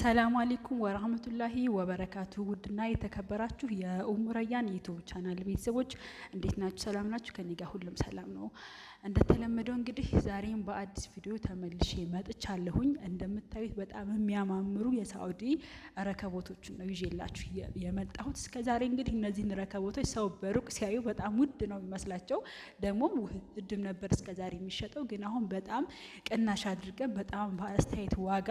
ሰላም አለይኩም ወራህመቱላሂ ወበረካቱ። ውድና የተከበራችሁ የኡሙረያን ዩቱብ ቻናል ቤተሰቦች እንዴት ናችሁ? ሰላም ናችሁ? ከኔ ጋር ሁሉም ሰላም ነው። እንደተለመደው እንግዲህ ዛሬም በአዲስ ቪዲዮ ተመልሼ መጥቻለሁኝ። እንደምታዩት በጣም የሚያማምሩ የሳውዲ ረከቦቶችን ነው ይዤላችሁ የመጣሁት። እስከ ዛሬ እንግዲህ እነዚህን ረከቦቶች ሰው በሩቅ ሲያዩ በጣም ውድ ነው የሚመስላቸው፣ ደግሞም ውድም ነበር እስከ ዛሬ የሚሸጠው። ግን አሁን በጣም ቅናሽ አድርገን በጣም በአስተያየት ዋጋ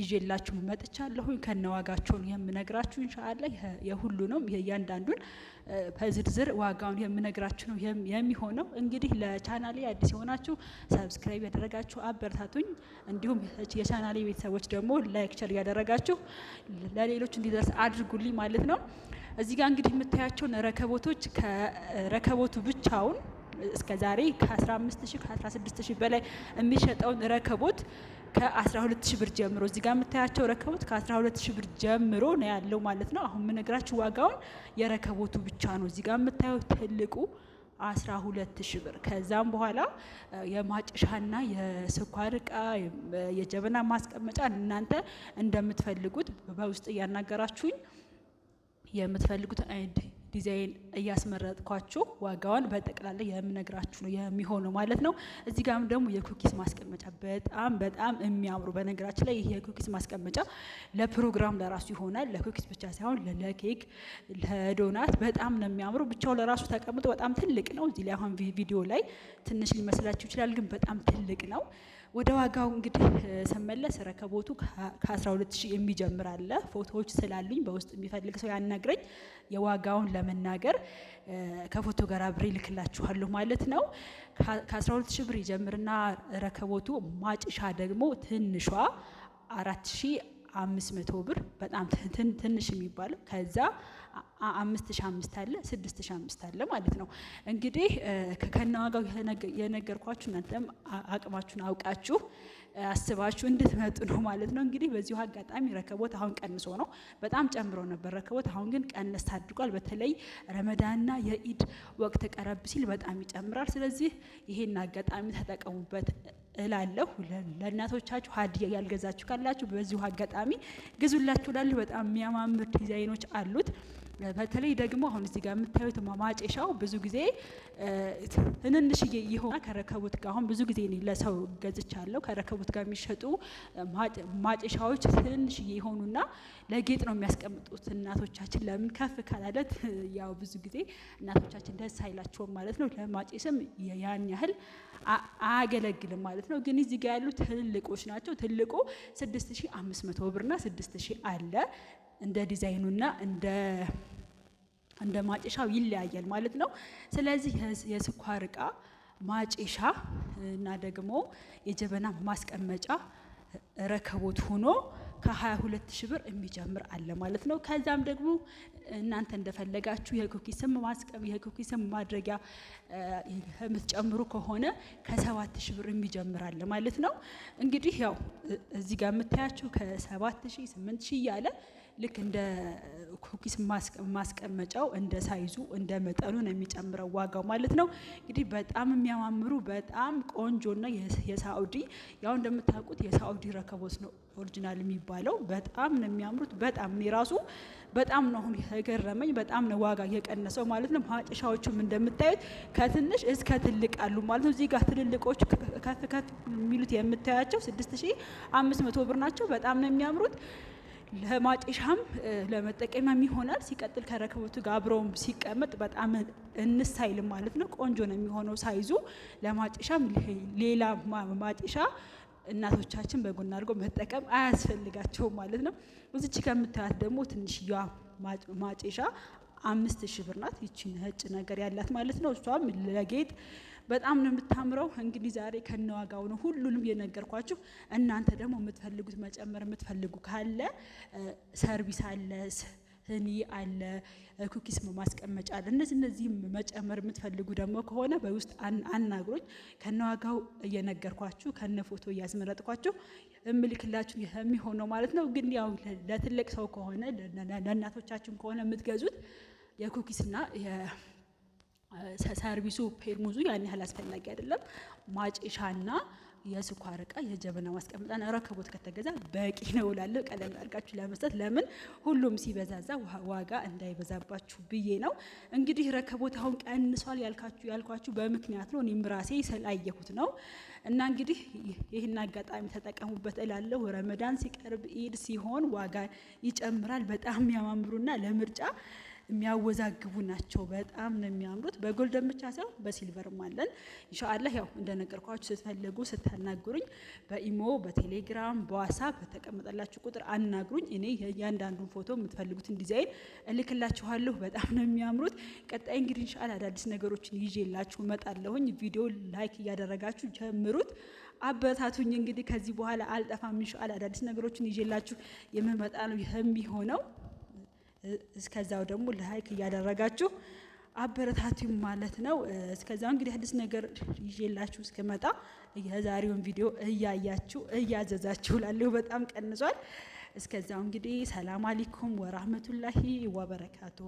ይዤላችሁ መጥቻለሁኝ። ከነዋጋቸውን የምነግራችሁ የሁሉ ነው እያንዳንዱን በዝርዝር ዋጋውን የምነግራችሁ ነው የሚሆነው። እንግዲህ ለቻናሌ አዲስ የሆናችሁ ሰብስክራይብ ያደረጋችሁ አበረታቱኝ። እንዲሁም የቻናሌ ቤተሰቦች ደግሞ ላይክ፣ ሸር ያደረጋችሁ ለሌሎች እንዲደርስ አድርጉልኝ ማለት ነው። እዚህ ጋር እንግዲህ የምታያቸውን ረከቦቶች ከረከቦቱ ብቻውን እስከ ዛሬ ከ15000 ከ16000 በላይ የሚሸጠውን ረከቦት ከ ሺ ብር ጀምሮ እዚህ ጋር የምታያቸው ረከቦት ከ 12 ብር ጀምሮ ነው ያለው ማለት ነው። አሁን የምነግራችሁ ዋጋውን የረከቦቱ ብቻ ነው። እዚህ ጋር የምታየው ትልቁ ሺ ብር። ከዛም በኋላ የማጨሻና የስኳር እቃ፣ የጀበና ማስቀመጫ እናንተ እንደምትፈልጉት በውስጥ እያናገራችሁኝ የምትፈልጉት አይነት ዲዛይን እያስመረጥኳችሁ ዋጋዋን በጠቅላላ የምነግራችሁ ነው የሚሆነው ማለት ነው። እዚህ ጋም ደግሞ የኩኪስ ማስቀመጫ በጣም በጣም የሚያምሩ በነገራችን ላይ ይሄ የኩኪስ ማስቀመጫ ለፕሮግራም ለራሱ ይሆናል። ለኩኪስ ብቻ ሳይሆን ለኬክ፣ ለዶናት በጣም ነው የሚያምሩ። ብቻው ለራሱ ተቀምጦ በጣም ትልቅ ነው። እዚህ ላይ አሁን ቪዲዮ ላይ ትንሽ ሊመስላችሁ ይችላል፣ ግን በጣም ትልቅ ነው። ወደ ዋጋው እንግዲህ ስመለስ ረከቦቱ ከ12000 የሚጀምር አለ። ፎቶዎች ስላሉኝ በውስጥ የሚፈልግ ሰው ያናግረኝ። የዋጋውን ለመናገር ከፎቶ ጋር ብር ልክላችኋለሁ ማለት ነው። ከ12000 ብር ይጀምርና ረከቦቱ ማጭሻ ደግሞ ትንሿ 4000 አምስት መቶ ብር በጣም ትንሽ የሚባለው ከዛ አምስት ሺ አምስት አለ ስድስት ሺ አምስት አለ ማለት ነው። እንግዲህ ከነዋጋው የነገርኳችሁ እናንተም አቅማችሁን አውቃችሁ አስባችሁ እንድትመጡ ነው ማለት ነው። እንግዲህ በዚሁ አጋጣሚ ረከቦት አሁን ቀንሶ ነው፣ በጣም ጨምሮ ነበር ረከቦት፣ አሁን ግን ቀንስ አድርጓል። በተለይ ረመዳንና የኢድ ወቅት ቀረብ ሲል በጣም ይጨምራል። ስለዚህ ይሄን አጋጣሚ ተጠቀሙበት። እላለሁ። ለእናቶቻችሁ ሀዲያ ያልገዛችሁ ካላችሁ በዚሁ አጋጣሚ ግዙላችሁ እላለሁ። በጣም የሚያማምር ዲዛይኖች አሉት። በተለይ ደግሞ አሁን እዚህ ጋር የምታዩት ማጨሻው ብዙ ጊዜ ትንንሽዬ የሆነ ከረከቡት ጋር አሁን ብዙ ጊዜ ለሰው ገዝቻለሁ። ከረከቡት ጋር የሚሸጡ ማጨሻዎች ትንንሽዬ የሆኑና ለጌጥ ነው የሚያስቀምጡት እናቶቻችን። ለምን ከፍ ካላለት ያው ብዙ ጊዜ እናቶቻችን ደስ አይላቸውም ማለት ነው። ለማጨስም ያን ያህል አያገለግልም ማለት ነው። ግን እዚህ ጋር ያሉ ትልቆች ናቸው። ትልቁ 6500 ብርና 6000 አለ እንደ ዲዛይኑና እንደ እንደ ማጨሻው ይለያያል ማለት ነው። ስለዚህ የስኳር እቃ ማጨሻ እና ደግሞ የጀበና ማስቀመጫ ረከቦት ሆኖ ከ22 ሺህ ብር የሚጀምር አለ ማለት ነው። ከዛም ደግሞ እናንተ እንደፈለጋችሁ የኩኪ ስም ማስቀም የኩኪ ስም ማድረጊያ የምትጨምሩ ከሆነ ከ7 ሺህ ብር የሚጀምር አለ ማለት ነው። እንግዲህ ያው እዚህ ጋር የምታያችሁ ከ7 ሺህ 8 ሺህ እያለ ልክ እንደ ኩኪስ ማስቀመጫው እንደ ሳይዙ እንደ መጠኑ ነው የሚጨምረው ዋጋው ማለት ነው። እንግዲህ በጣም የሚያማምሩ በጣም ቆንጆና የሳኡዲ ያው እንደምታውቁት የሳኡዲ ረከቦት ነው ኦሪጂናል የሚባለው በጣም ነው የሚያምሩት። በጣም እኔ ራሱ በጣም ነው አሁን የገረመኝ። በጣም ነው ዋጋ የቀነሰው ማለት ነው። ማጨሻዎቹም እንደምታዩት ከትንሽ እስከ ትልቅ አሉ ማለት ነው። እዚህ ጋር ትልልቆቹ ከፍ ከፍ የሚሉት የምታያቸው መቶ ብር ናቸው። በጣም ነው የሚያምሩት። ለማጨሻም ለመጠቀሚያም ይሆናል። ሲቀጥል ከረከቦቱ ጋር አብረውም ሲቀመጥ በጣም እንሳይልም ማለት ነው። ቆንጆ ነው የሚሆነው ሳይዙ። ለማጨሻም ሌላ ማጨሻ እናቶቻችን በጎን አድርገው መጠቀም አያስፈልጋቸውም ማለት ነው። እዚች ከምታያት ደግሞ ትንሽያ ማጨሻ አምስት ሺህ ብር ናት። ይቺ ነጭ ነገር ያላት ማለት ነው። እሷም ለጌጥ በጣም ነው የምታምረው። እንግዲህ ዛሬ ከነዋጋው ነው ሁሉንም የነገርኳችሁ። እናንተ ደግሞ የምትፈልጉት መጨመር የምትፈልጉ ካለ ሰርቪስ አለ፣ ስኒ አለ፣ ኩኪስ ማስቀመጫ አለ። እነዚህ እነዚህ መጨመር የምትፈልጉ ደግሞ ከሆነ በውስጥ አናግሮኝ ዋጋው እየነገርኳችሁ ከነ ፎቶ እያስመረጥኳችሁ እምልክላችሁ የሚሆነው ማለት ነው። ግን ያው ለትልቅ ሰው ከሆነ ለእናቶቻችን ከሆነ የምትገዙት የኩኪስና ሰርቪሱ ፔርሙዙ ያን ያህል አስፈላጊ አይደለም። ማጨሻና የስኳር እቃ የጀበና ማስቀመጫና ረከቦት ከተገዛ በቂ ነው እላለሁ። ቀለል አድርጋችሁ ለመስጠት ለምን ሁሉም ሲበዛዛ ዋጋ እንዳይበዛባችሁ ብዬ ነው። እንግዲህ ረከቦት አሁን ቀንሷል ያልካችሁ ያልኳችሁ በምክንያት ነው። እኔም ራሴ ስላየሁት ነው። እና እንግዲህ ይህን አጋጣሚ ተጠቀሙበት እላለሁ። ረመዳን ሲቀርብ ኢድ ሲሆን ዋጋ ይጨምራል። በጣም የሚያማምሩና ለምርጫ የሚያወዛግቡ ናቸው። በጣም ነው የሚያምሩት። በጎልደን ብቻ ሳይሆን በሲልቨርም አለን። ኢንሻአላህ ያው እንደነገርኳችሁ ስትፈልጉ ስታናግሩኝ፣ በኢሞ በቴሌግራም በዋሳፕ በተቀመጠላችሁ ቁጥር አናግሩኝ። እኔ ያንዳንዱን ፎቶ የምትፈልጉትን ዲዛይን እልክላችኋለሁ። በጣም ነው የሚያምሩት። ቀጣይ እንግዲህ ኢንሻአላህ አዳዲስ ነገሮችን ይዤላችሁ እመጣለሁኝ። ቪዲዮ ላይክ እያደረጋችሁ ጀምሩት፣ አበታቱኝ። እንግዲህ ከዚህ በኋላ አልጠፋም። ኢንሻአላህ አዳዲስ ነገሮችን ይዤላችሁ የምመጣ ነው የሚሆነው። እስከዛው ደግሞ ለሀይክ እያደረጋችሁ አበረታቱ ማለት ነው። እስከዛው እንግዲህ አዲስ ነገር ይዤላችሁ እስከመጣ የዛሬውን ቪዲዮ እያያችሁ እያዘዛችሁ ላለሁ በጣም ቀንሷል። እስከዛው እንግዲህ ሰላም አለይኩም ወራህመቱላሂ ወበረካቱ